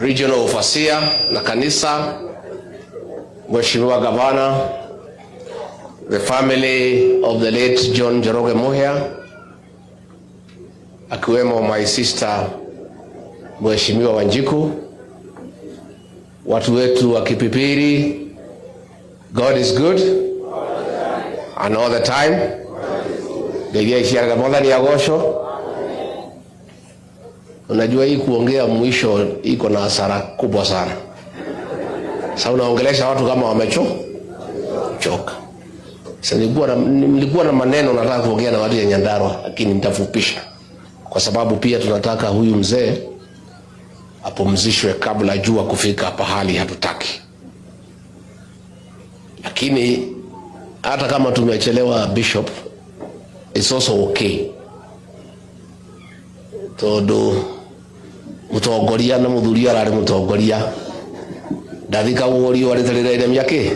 regional ofasia na kanisa, Mheshimiwa Gavana, the family of the late John Joroge Muhia, akiwemo my sister Mheshimiwa Wanjiku, watu wetu wa Kipipiri, God is good and all the time degiaishiarga modhani agosho Unajua hii kuongea mwisho iko na hasara kubwa sana. Sasa unaongelesha watu kama choka. Sasa nilikuwa na, nilikuwa na maneno nataka kuongea na watu ya Nyandarua lakini nitafupisha kwa sababu pia tunataka huyu mzee apumzishwe kabla jua kufika pahali hatutaki. Lakini hata kama tumechelewa bishop, it's also okay todo mutongoria na muthuri arari mutongoria ndathika wori warite riraire miaki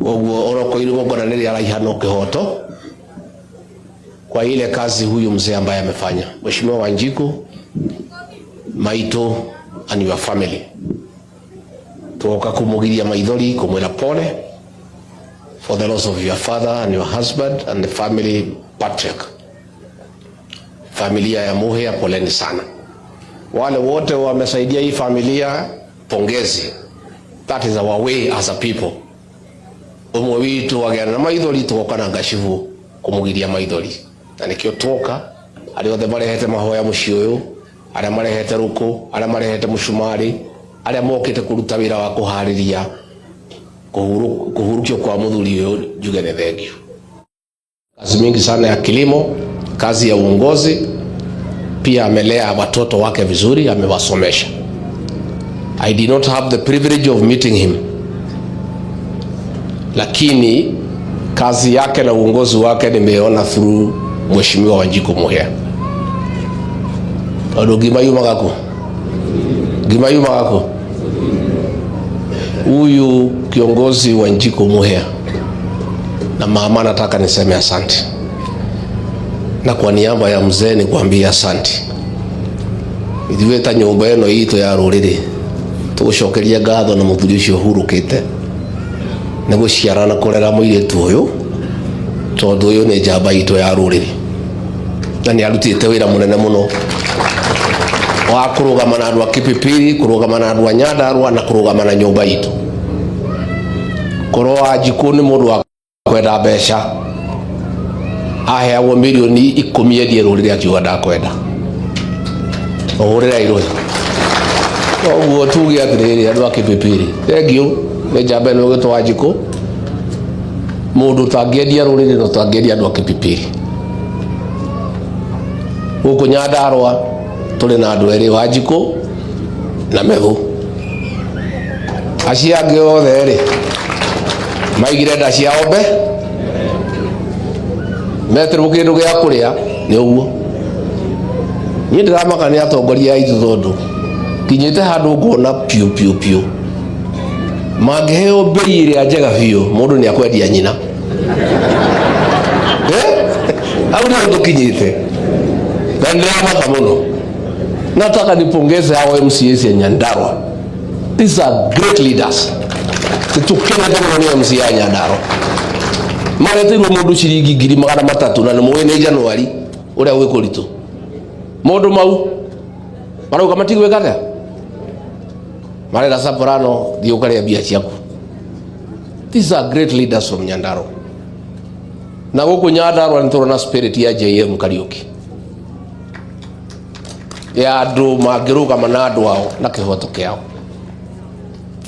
uguo orokoirwo gongona nili araihana ukihoto kwa ile kazi huyu mzee ambaye amefanya. Mheshimiwa Wanjiku, maito and your family, tuoka kumugiria maithori kumwira pole for the loss of your father and your husband and the family. Patrick, familia ya Muhea, poleni sana wale wote wamesaidia hii familia, pongezi. That is our way as a people umwe witu wagana na maithori tukokana ngashivu kumugiria maithori na nikio twoka aria othe marehete mahoya mucii uyu aria marehete ruku aria marehete mucumari aria mokite kuruta wira wa kuhariria kuhurukio kwa muthuri uyu njuge ni thengiu. Kazi mingi sana ya kilimo, kazi ya uongozi pia amelea watoto wake vizuri, amewasomesha. I did not have the privilege of meeting him, lakini kazi yake na uongozi wake nimeona through Mheshimiwa Wanjiku Muhia. Gima yuma gimayumagako, huyu kiongozi Wanjiku Muhia na mama, nataka niseme asante na kwa niaba ya mzee kuambia asante ithuĩ ta nyũmba ĩno itũ ya rũrĩrĩ tũgũcokeria ngatho na mũthuri ũcio ũhurũkĩte nĩ gũciara na kũrera mũirĩtu ũyũ tondũ ũyũ nĩ njamba itũ ya rũrĩrĩ na nĩ arutĩte wĩra mũnene mũno wa kũrũgama na andũ a Kipipiri kũrũgama na andũ a Nyandarua na kũrũgama na nyũmba itũ korwo Wanjikũ nĩ mũndũ wa kwenda mbeca aheagwo mirioni ikumi endie rũrĩrĩ akiuga ndakwenda ũhũrĩra irũi koguo tuge atĩrĩrĩ andũ a kĩpipiri thengiũ nĩ njamba ĩno ũgĩtwa njikũ mũndũ ũtangĩendia rũrĩrĩ na ũtangĩendia andũ a kĩpipiri nyandarwa nyandarũa tũrĩ na andũ erĩ wa njikũ na methu acio angĩ othe rĩ maigire nda ciao metirwo kindu gia kuria ni uguo nie ndiramaka ni atongoria aitu tondu kinyite handu ngona piu piu piu mangiheo mbei iria njega biu mundu ni akwendia nyina eh? au ndio tukinyite na ndiramaka muno nataka nipongeze hao MCAs ya Nyandarua these are great leaders titukene mca ya Nyandarua maretirwo mundu ciringi ngiri magana matatu na ni muwi ni Januari uria wi kuritu mundu mau marauga matigwika atia marenda Soprano thii ukaria mbia ciaku this are great leaders from nyandaro na guku ni niturona spirit ya JM Kariuki ya andu mangirugama na andu ao na kihoto kiao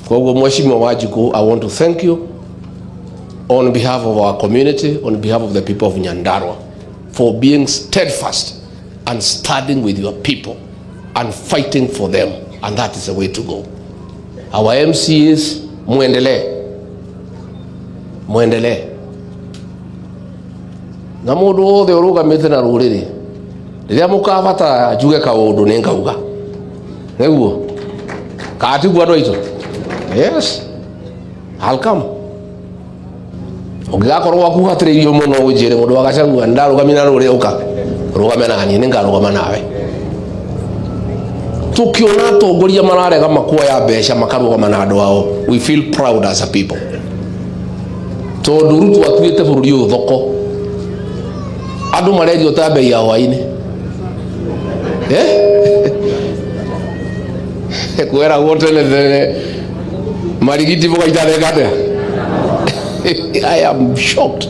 koguo mheshimiwa Wanjiku I want to thank you on behalf of our community, on behalf of the people of Nyandarua, for being steadfast and standing with your people and fighting for them. And that is the way to go. Our MC is muendelee, muendelee na mundu wothe urugamite na ruriri riria mukabatara njuge kaundu ni ngauga niguo katigua yes I'll come Ngigakorwo gwaku hatiriirio muno unjire mundu wa Gachagua ndarugamia na ruri uka rugame nani ningarugama nawe tukiona atongoria mararega makuoya mbeca makarugama na andu ao we feel proud as a people tondu rutu atuite bururi uyu thoko andu marendio ta mbei ya hwaini eh kwera wote ne marigiti boka itatheka atia I am shocked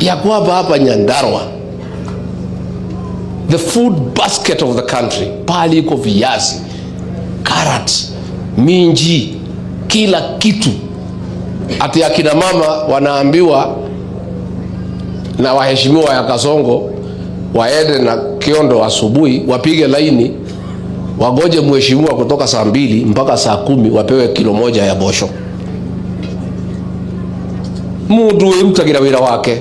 ya kwamba hapa Nyandarua the food basket of the country, pale iko viazi, carrot, minji, kila kitu. Ati akina mama wanaambiwa na waheshimiwa ya Kasongo waende na Kiondo asubuhi, wapige laini, wagoje mheshimiwa kutoka saa mbili mpaka saa kumi wapewe kilo moja ya bosho mundu wirutagira wira wake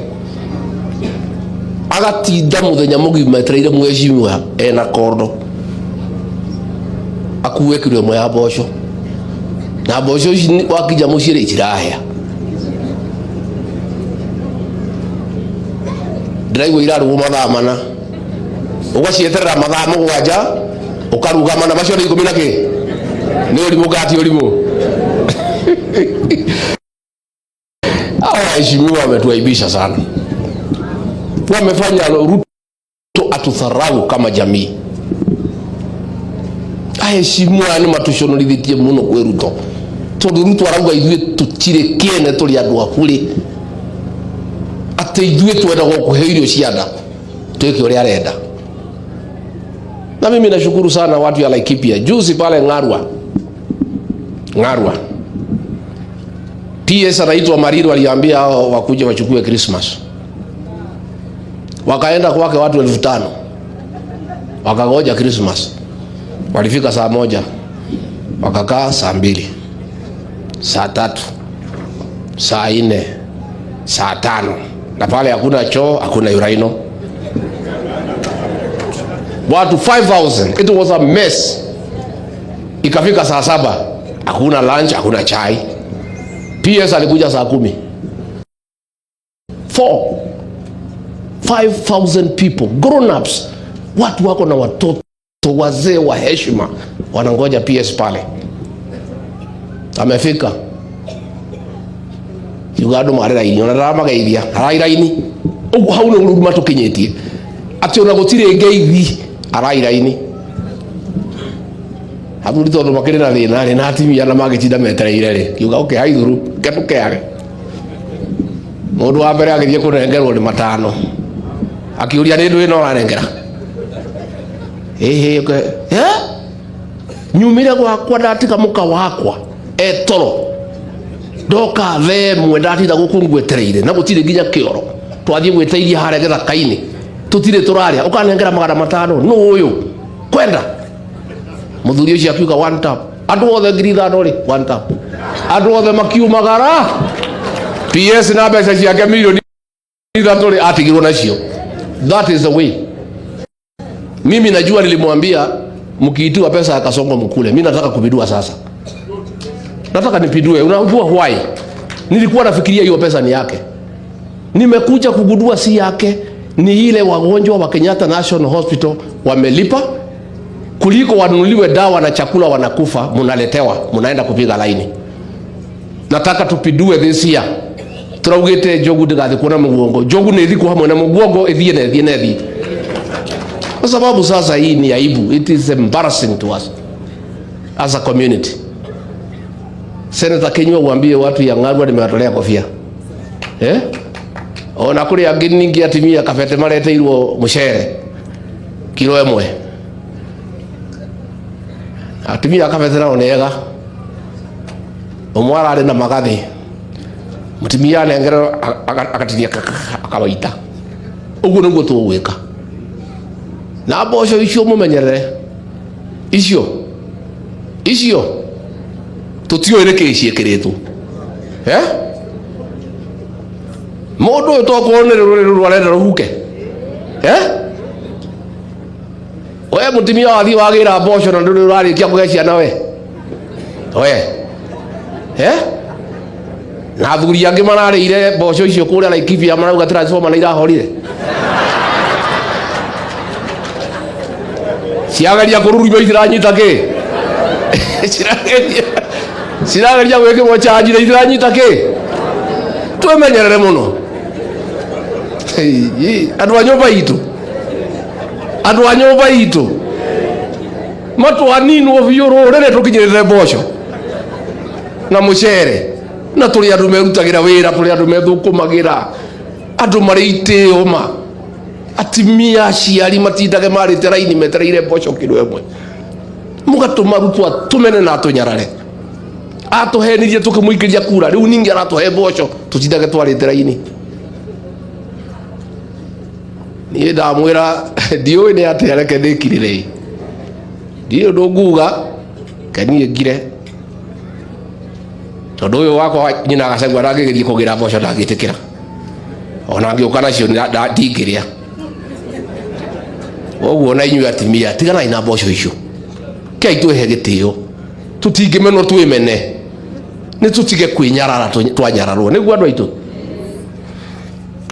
agatinda muthenya mugima etereire mweshimwa ena kondo akuwe kiro imwe ya mboco na mboco ici wakinya muciĩ rĩ cirahĩa ndĩraigua irarugwo mathaa mana ũgacieterera mathaa mũgwanja ũkaruga mana macio nĩ ikũmi na kĩ ni ũrimũ gati ũrimũ waheshimiwa wametuaibisha sana, wamefanya Ruto atutharau kama jamii. Aheshimiwa ni yaani matushonolithitie muno kwi Ruto tondu Ruto arauga ithue tutire kiene turi andu akuri ati ithue twenda gukuhe irio cianda tuike uria arenda na mimi nashukuru sana watu ya Laikipia juzi pale Ng'arwa Ng'arwa PS anaitwa Mariro aliambia hao wakuje wachukue Christmas. Wakaenda kwake watu elfu tano. Wakagoja Christmas. Walifika saa moja. Wakakaa saa mbili. Saa tatu. Saa nne. Saa tano. Na pale hakuna choo, hakuna uraino. Watu 5000. It was a mess. Ikafika saa saba. Hakuna lunch, hakuna chai. PS alikuja saa kumi. 4 5000 people grown ups, watu wako na watoto wazee wa heshima wanangoja PS pale. Amefika yugado mariraini onarara mageithia raini uguo hau niguo ruru matukinyitie ati ona gutiri ngeithi arairaini athuri tondu makiri na thina ri na atimia na magitinda metereire ri yuga okay hi through ngetu kĩare mũndũ wa mbere agĩthiĩ kũnengerwo nĩ matano akiũria nĩ ndũĩ no ũranengera hihi nyumire gwakwa ndatiga mũka wakwa etoro ndoka the mwe ndatinda gũkũ na gũtirĩ nginya kĩoro twathiĩ gwĩteithia harĩa kaini inĩ tũtirĩ tũrarĩa ũkanengera magana matano nũ ũyũ kwenda mũthuri ũcio akiuga one tap andũ othe ngiri ithano rĩ one tap andå othe makiumagara ps na mbeca ciake milioni ithatå rä atigirwo nacio that is the way mimi najua nilimwambia mkiitiwa pesa ya kasongo mkule mi nataka kupindua sasa nataka nipidue unajua why nilikuwa nafikiria hiyo pesa ni yake nimekuja kugudua si yake ni ile wagonjwa wa Kenyatta National Hospital wamelipa kuliko wanunuliwe dawa na chakula, wanakufa, munaletewa, munaenda kupiga laini nataka tupidue this year turaugite njogu ndigathikwo na mugongo jogu ni thiku hamwe na mugongo ithie na ithie na ithie kwa sababu sasa hii ni aibu it is embarrassing to us as a community Senator Kinyua uambie watu ya Ng'arwa nimewatolea kofia eh ona kuri angĩ ningĩ atimia kabete mareteirwo mucere kilo emwe atimia kafete na onega umwe ararĩ na magathĩ mũtumia anengerero agatinia akawaita ũguo nĩguo tũgwĩka na mboco icio mũmenyerere icio icio tũtiũĩ nĩ kĩĩ ciĩkĩrĩtwo mũndũ ũyũ tokorwo nĩ rũrĩrĩ rwarenda rũhuke we mũtumia wathiĩ wagĩra mboco na ndũrĩ kia kũhe ciana we we Eh? na athuri mararä ire mboco icio kũrĩa Laikipia marauga transformer nĩ irahorire ciageria kũruruma itiranyita kä cirageria gwĩkĩrwo chanji na itiranyita menyerere må no andå a mba itå andå a mba itå matwaninwo biũ rũrĩrĩ tũkinyĩrĩre mboco na mucere na tuli andu merutagira wira tuli andu methukumagira andu mari itio ma atimia aciari matindage marite raini metereire mboco må gatå mugatuma rutwa tumene na må ikä ria kura ningä aratå he mboco twarä twarite raini niä ndamwira ndiå nä atä areke ndä kirirä ndiå ndå nguga kenie ngire tondu uyu wakwa nyina agacagua ndangigeria kugira mboco ndangitikira ona ngiuka nacio ndingiria uguo na inyuĩ atimia tiganai na mboco icio kei twihe gĩtĩo tũtingĩmenwo twĩmene nĩ tũtige kwĩnyarara twanyararwo nĩguo andũ aitũ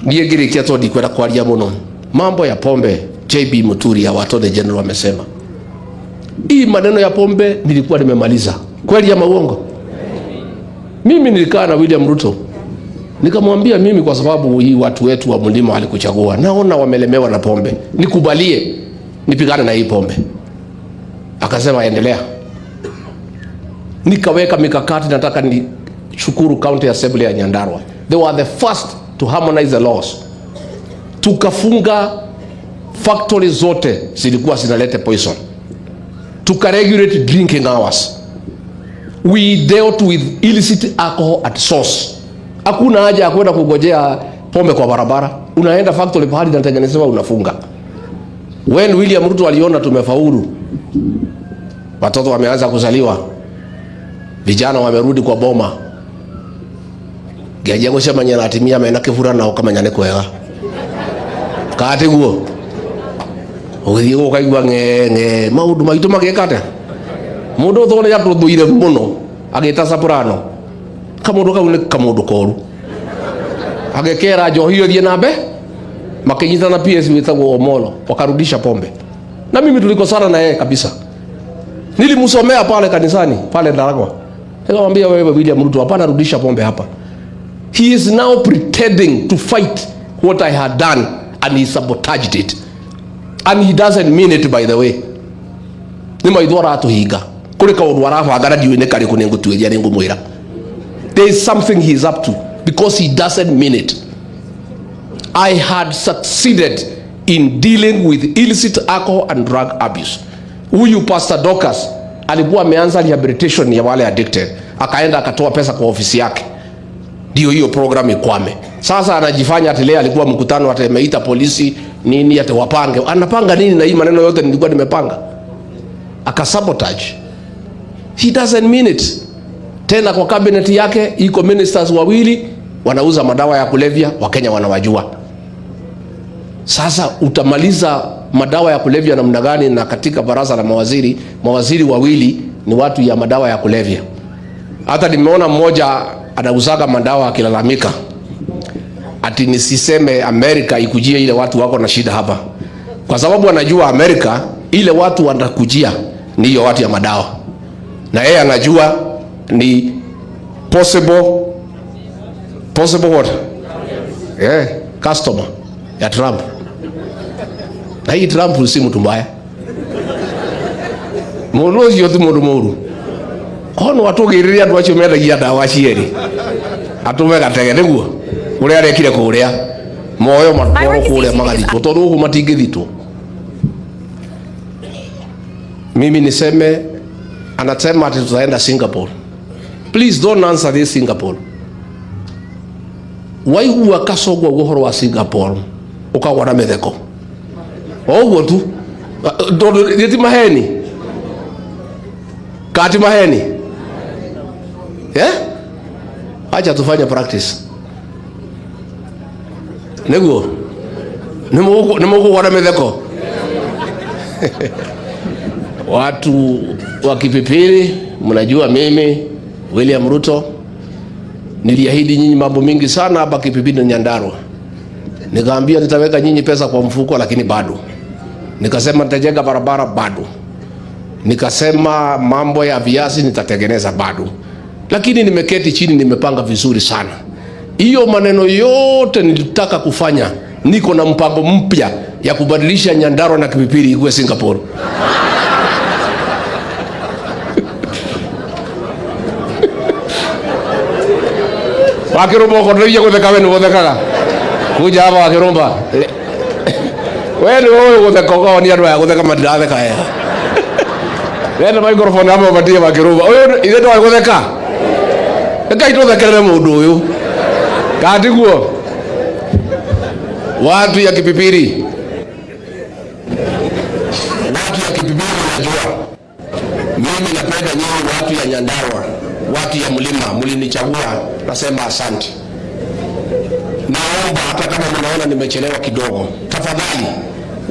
niĩ kia to ndikwenda kwaria mũno mambo ya pombe JB Muturi Awato the general mesema ii maneno ya pombe nilikuwa nimemaliza kweli ama uongo mimi nilikaa na William Ruto nikamwambia, mimi kwa sababu hii watu wetu wa mlima walikuchagua, naona wamelemewa na pombe, nikubalie nipigane na hii pombe. Akasema endelea. Nikaweka mikakati, nataka nishukuru county assembly ya Nyandarua, they were the first to harmonize the laws. Tukafunga factory zote zilikuwa zinaleta poison, tukaregulate drinking hours we dealt with illicit alcohol at source. Hakuna haja ya kwenda kugojea pombe kwa barabara, unaenda factory pahali inatengenezewa unafunga. When William Ruto aliona tumefaulu, watoto wameanza kuzaliwa, vijana wamerudi kwa boma geje gucemania na atimia mena kivura nao kamenya ni kwega katiguo ugithii gukaigua ng'e maundu maitu magieka mundu uthone andu thuire muno agita soprano kamundu kau ni kamundu koru agekera njohi yothie nambe makinyitana PS witagwo Omolo wakarudisha pombe na mimi tulikosana na yeye kabisa nilimsomea pale kanisani pale Ndaragwa nikamwambia wewe William Ruto hapana rudisha pombe hapa he is now pretending to fight what I had done and he sabotaged it and he doesn't mean it by the way nĩ maithwara atũhinga kuri kaundu arabanga na ndiuä nä karä kå nä ngå tuä nä there is something he is up to because he doesn't mean it I had succeeded in dealing with illicit alcohol and drug abuse. Huyu Pastor Dorcas alikuwa ameanza rehabilitation ya wale addicted, akaenda akatoa pesa kwa ofisi yake, ndio hiyo program ikwame. Sasa anajifanya ati leo alikuwa mkutano, atameita polisi nini, ati wapange, anapanga nini? Na hii maneno yote nilikuwa nimepanga, akasabotage He doesn't mean it. Tena kwa cabinet yake iko ministers wawili wanauza madawa ya kulevya, Wakenya wanawajua. Sasa utamaliza madawa ya kulevya namna gani? Na katika baraza la mawaziri, mawaziri wawili ni watu ya madawa ya kulevya. Hata nimeona mmoja anauzaga madawa akilalamika ati nisiseme Amerika ikujie ile watu wako na shida hapa, kwa sababu anajua Amerika ile watu wanakujia ni hiyo watu ya madawa na yeye anajua ni possible possible what yeah, customer ya Trump, na hii Trump si mtu mbaya mundu ucio ti mundu muru kono atugiriria andu acio mendagia ndawa cieri atume gatege niguo uria arekire kuria moyo matwaro kuria magathitwo tondu ugu matingithitwo mimi niseme anasema ati tutaenda Singapore. Please don't answer this Singapore. Waigua kasogwa guhoro wa Singapore ukagwa na metheko oguo tu tondu ti maheni kati maheni eh? Acha tufanye practice neguo nimugugwa na metheko watu wa Kipipiri, mnajua mimi William Ruto niliahidi nyinyi mambo mingi sana hapa Kipipiri na Nyandarua. Nikaambia nitaweka nyinyi pesa kwa mfuko, lakini bado. Nikasema nitajenga barabara, bado. Nikasema mambo ya viazi nitatengeneza, bado. Lakini nimeketi chini, nimepanga vizuri sana. Hiyo maneno yote nilitaka kufanya, niko na mpango mpya ya kubadilisha Nyandarua na Kipipiri ikuwe Singapore. wakirumba uko ndio gutheka we ni guthekaga kuja hapa wakirumba we ni wewe gutheka uko ni andwa gutheka madiratheka ya wena microphone hapa badie wakirumba uyu ile ndo gutheka ngai tuthekerere mundu uyu katiguo watu ya kipipiri watu ya kipipiri najua mimi napenda nyinyi watu ya nyandarwa watu ya mlima mlinichagua nasema asante. Naomba hata kama mnaona nimechelewa kidogo, tafadhali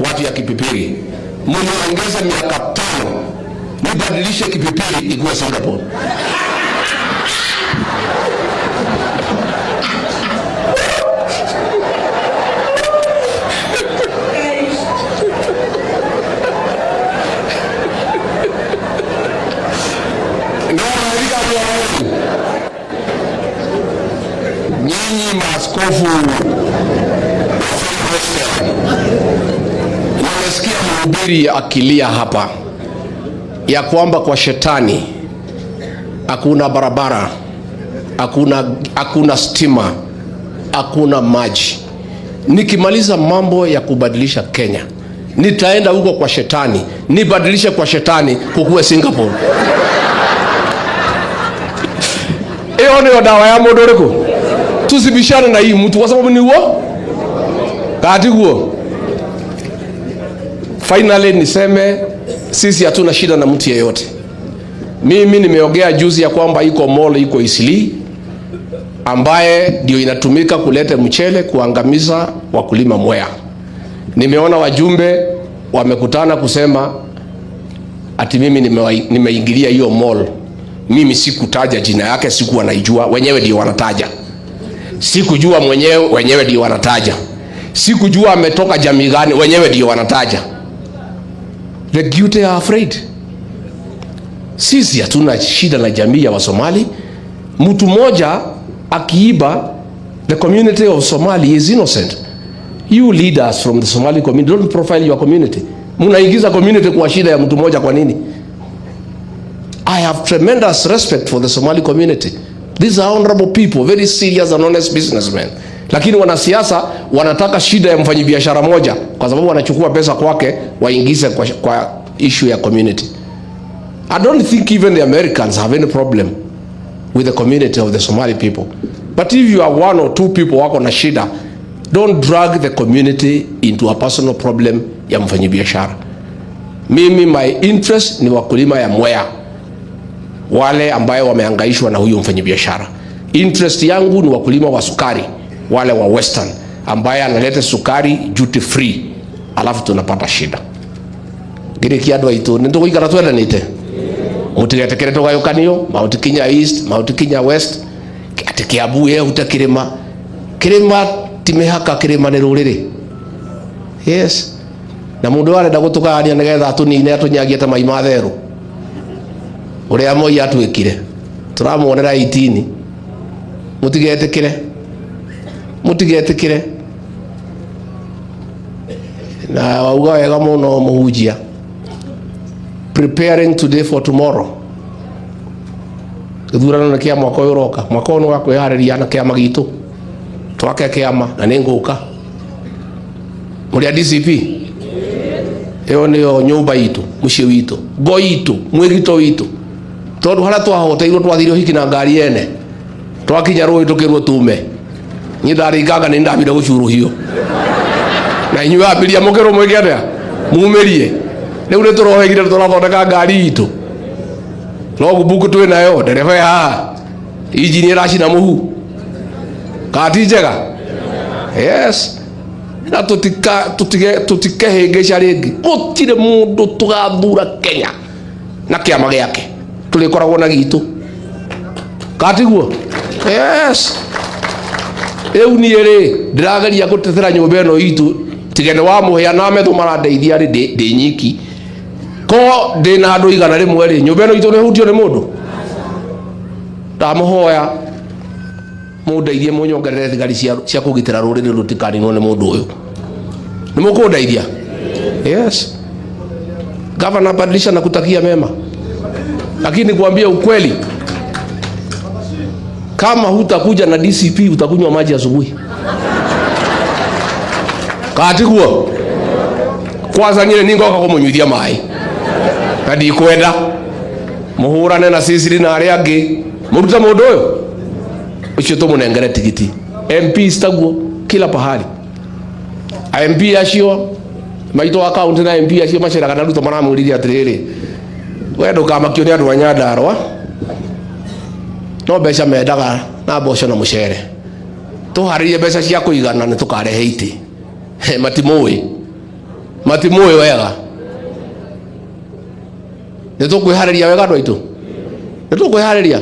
watu ya Kipipiri mniongeze miaka tano nibadilishe Kipipiri ikuwe Singapore. Askofu nimesikia mhubiri akilia hapa ya kwamba kwa shetani hakuna barabara, hakuna hakuna stima, hakuna maji. Nikimaliza mambo ya kubadilisha Kenya nitaenda huko kwa shetani nibadilishe kwa shetani kukuwe Singapore. hiyo niyo dawa ya mundu uriku tusibishane na hii mtu kwa sababu ni huo kati huo. Finally niseme sisi hatuna shida na mtu yeyote. Mimi nimeongea juzi ya kwamba iko mole iko Isili ambaye ndio inatumika kuleta mchele kuangamiza wakulima Mwea. Nimeona wajumbe wamekutana kusema ati mimi nimeingilia hiyo mall. Mimi sikutaja jina yake, sikuwa naijua, wenyewe ndio wanataja sikujua mwenyewe, wenyewe ndio wanataja. Sikujua ametoka jamii gani, wenyewe ndio wanataja. The guilty are afraid. Sisi hatuna shida na jamii ya Wasomali. Mtu mmoja akiiba, the community of Somali is innocent. You leaders from the Somali community don't profile your community. Munaingiza community kwa shida ya mtu mmoja kwa nini? I have tremendous respect for the Somali community. These are honorable people, very serious and honest businessmen. Lakini wanasiasa wanataka shida ya mfanyibiashara moja, kwa sababu wanachukua pesa kwake waingize kwa, kwa issue ya community. I don't think even the Americans have any problem with the community of the Somali people. But if you are one or two people wako na shida, don't drag the community into a personal problem ya mfanyibiashara Mimi my interest ni wakulima ya Mwea wale ambayo wameangaishwa na huyu mfanyabiashara. Interest yangu ni wakulima wa sukari wale wa Western ambaye analeta sukari duty free, alafu tunapata shida girikiadwa itu nituguikara twendanite mutigetekere tugayokanio mauti kinya East mauti kinya West ati Kiambu ye utakirima kirima timehaka kirima ni ruriri yes na mundu arenda gutukania nigetha atunine atunyagie ta mai matheru uria moi atwikire turamuonera itini mutigetikire mutigetikire na wauga wega muno muhunjia preparing today for tomorrow githurano nä kä a mwaka å yå roka mwaka å yå nä gakwä harä ria na kä ama gitå twake kä ama na nä ngå ka må rä a dcp ä yo nä yo nyå mba itå må ciä witå ngo itå mwä gito witå tondu haria twahoteirwo twathirio hiki na ngari yene twakinya rũĩ tũkĩrwo tume niĩ ndarĩnganga nĩ ndambire gũcuruhio na inyuĩ ambiria mũkĩrwo mwĩke atĩa mumĩrie rĩu nĩ tũrohegire tũrathondeka ngari itũ logbook twĩ nayo ndereba ĩ haha injini ĩracina mũhu kati njega yes na tũtikehĩngĩca rĩngĩ gũtirĩ mũndũ tũgathura Kenya na kĩama gĩake turikoragwo na gitu katiguo yes riu nie ri ndirageria gutetera nyumba no itu tigene wa muhia na methu marandeithia ri ndi nyiki ko ndi na andu igana rimwe ri nyumba no itu ni hutio ni mundu ndamuhoya mundeithie munyongerere thigari cia kugitira ruriri rutikaninwo ni mundu uyu ni mukundeithia yes gavana Padrisha nakutakia mema lakini kuambia ukweli, kama hutakuja na DCP utakunywa maji asubuhi katikuo kwanza nyine ningoka kumunyuithia mai na ndikwenda muhurane na sisiri na aria angi murute mundu uyu ucio tumunengere tigiti MP staguo kila pahali MP acio maitwa akaunti na MP acio maceraga na ruto maramuririe atiriri we ndukamakio nä andå anyandarwa no mbeca mendaga na mboco na må cere tå harä rie mbeca cia kå igana nä tå karehe itä ä matimå ä wega nä tå kwä harä ria wega andå aitå nä tå kwä harä ria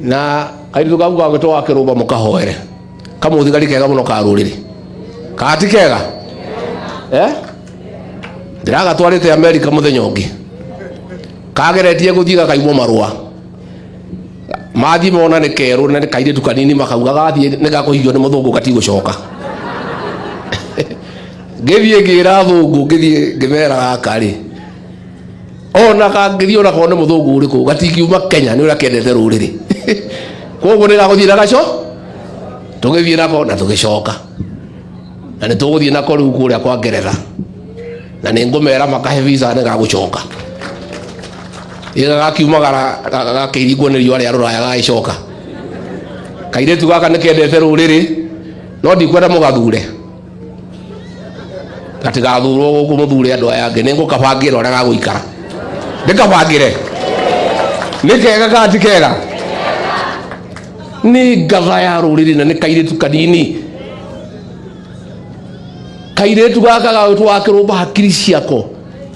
na kairitu kau gagwä two akä rå mba må kahoere kamå thigari kega må no karå rä kega eh? ndiragatwarite America muthenya ungi kageretie guthii gakaimwo marua mathi mona ni keru na kaire tu kanini makauga gathi ni gakuhigio ni muthungu gatigucoka ngithii ngira thungu ngithii ngimera gaka ri ona kangithii ona kone muthungu uriku kiuma Kenya ni uria kendete ruriri koguo ni gakuthii na gaco tugithii nako na tugicoka na ni tuguthii nako riu kuria kwa Ngeretha na makahe ningumera makahevica nigagucoka ira gakiumagara a ni raya gagä ruraya kairä tu gaka rä rä no ndikwenda mugathure gatigathurwo må thure andå aya gagå ikara ndä kabangä re nä kega kana ti kega nä ngatha ya rå rä rä na nä kairä tu kanini kairetu gaka gagwitwo rumba hakiri ciako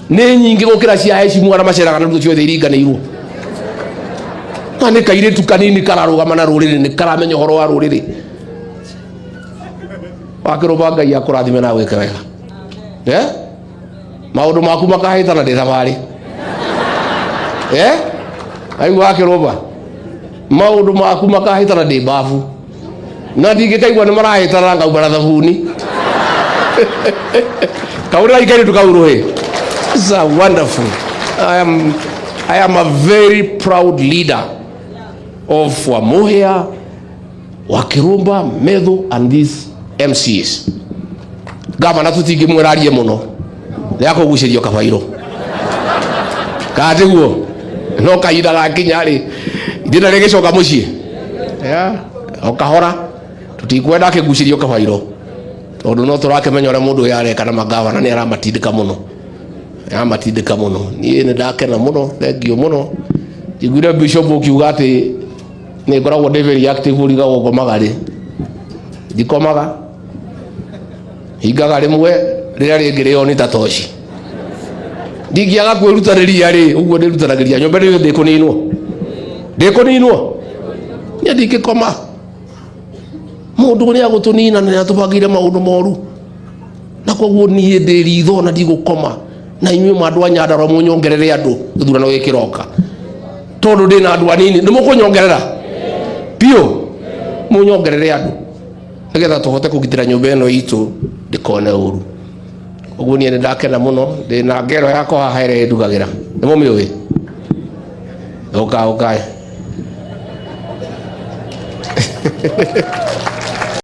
nä nyingä gå kä ra cia heci mwana maceraga na ruto ciothe iringanäirwo na nä kairetu kanini kararå na rå rä rä nä karamenya å horo wa rå rä rä wakä rå ngai akå rathime na gwä ka wega eh? maå ndå maku makahätana ndä thabarä eh? aigu wakä rå maå ndå maku tana ndä mbabu na ndingä kaigua nä marahätana ngaumana thabuni kauriraikari tukaurohe this is wonderful I am, I am a very proud leader of Wamuhia Wakirumba Methu and these MCs gavana tutingimwirarie muno niakugucirio kabairo katiguo no kahinda gakinya ri thina rigicoka yeah. okahora tutikwenda akigucirio kabairo tondu no turakimenya må ndå uyu areka na magavana ni aramatindika muno ka muno nie ni ndakena muno må muno njiguire bishop kiuga atä nä ngoragwo ndi very active urigagwo ngomaga ri ndikomaga hingaga rimwe riria ringi rio ni ta toci ndingiaga kwirutaniria ri uguo ndirutanagiria nyomba kå ninwo niä ndingä koma mundu ria gutunina na maå ndå moru na koguo nie ndi ritho na koma na inyuĩ mwandu anyandarwa mũnyongerere thurano gä kä roka tondå ndä na andå anini nĩ mũkũnyongerera biũ mũnyongerere andũ nĩgetha tũhote kũgitĩra nyũmba ĩno itũ ndĩkone ũru ũguo niĩ nĩ ndakena mũno ndĩ na ngero yakwa haha ĩrĩa ndugagĩra nĩ mũmĩũĩ ũkaĩ ũkaĩ